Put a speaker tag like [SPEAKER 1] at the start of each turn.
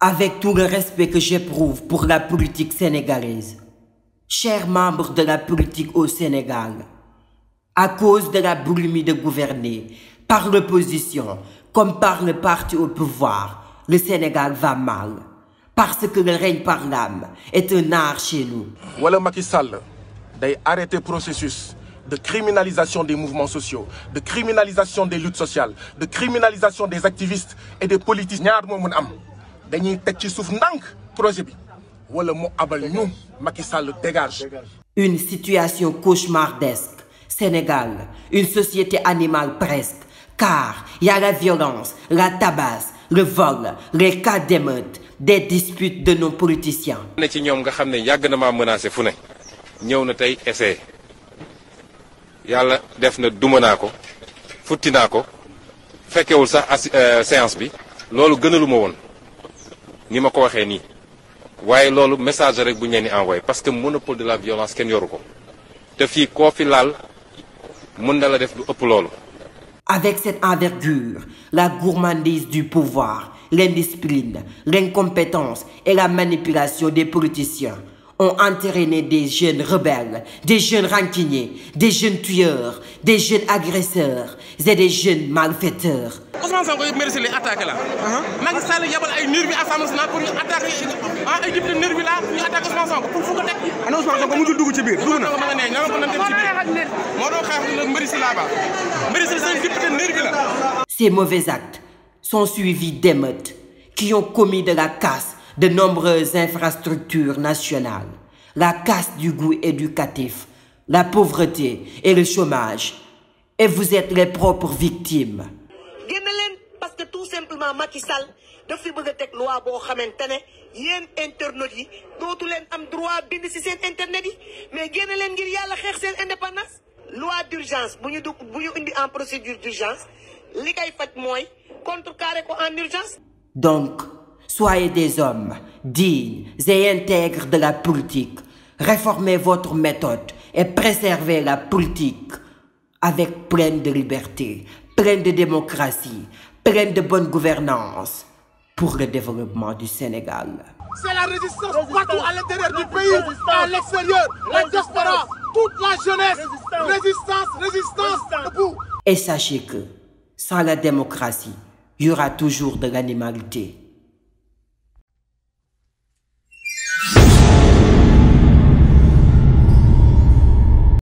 [SPEAKER 1] Avec tout le respect que j'éprouve pour la politique sénégalaise, chers membre de la politique au Sénégal, à cause de la boulimie de gouverner, par l'opposition comme par le parti au pouvoir, le Sénégal va mal. Parce que le règne par l'âme est un art chez nous. Wala Macky Sall day arrêter processus de criminalisation
[SPEAKER 2] des mouvements sociaux, de criminalisation des luttes sociales, de criminalisation des activistes et des
[SPEAKER 1] politiciens. ñaar moo mën am dañuy teg ci suuf ndànk projet bi wala mu abal ñu Sall dégage. une situation cauchemardesque Sénégal une société animale presque car il y a la violence la tabasse le vol les cas d'émeute des disputes de nos politiciens. ne ci ñoom nga xam ne
[SPEAKER 2] yàgg na maa menacé fu ne ñëw na tey essayé yàlla def na duma naa ko futti naa ko fekkewul sax euh, séance bi loolu gënaluma woon. ni ma ko waxee nii waaye loolu message rek bu ñu leen di envoyé parce que monopole de la violence kenn yoru ko te fii koo laal mën na la def lu ëpp loolu.
[SPEAKER 1] Avec cette envergure, la gourmandise du pouvoir, l'indiscipline, l'incompétence et la manipulation des politiciens ont entraîné des jeunes rebelles, des jeunes rancuniers, des jeunes tueurs, des jeunes agresseurs et des jeunes malfaiteurs.
[SPEAKER 2] Ousmane Sonko uh-huh. yabal ay nervi Assemblée nationale pour ñu attaqué ah ay député nervi la pour fu ko
[SPEAKER 1] teg. suivis d'émeutes qui ont commis de la casse de nombreuses infrastructures nationales, la casse du goût éducatif, la pauvreté et le chômage. Et vous êtes les propres victimes. président Macky Sall daf fi bëgg a teg loi boo xamante ne yéen internautes yi dootu leen am droit bind si seen internet yi mais génn leen ngir yàlla xeex seen indépendance. loi d'urgence bu ñu dugg bu ñu indi en procédure d'urgence li kay faj mooy contre carré ko en urgence. donc soyez des hommes dignes et intègres de la politique réformez votre méthode et préservez la politique avec pleine de liberté pleine de démocratie. prennent de bonne gouvernance pour le développement du Sénégal. C'est la résistance partout à l'intérieur du pays, à l'extérieur, la Résistance, résistance, debout. Et sachez que sans la démocratie, il y aura toujours de l'animalité.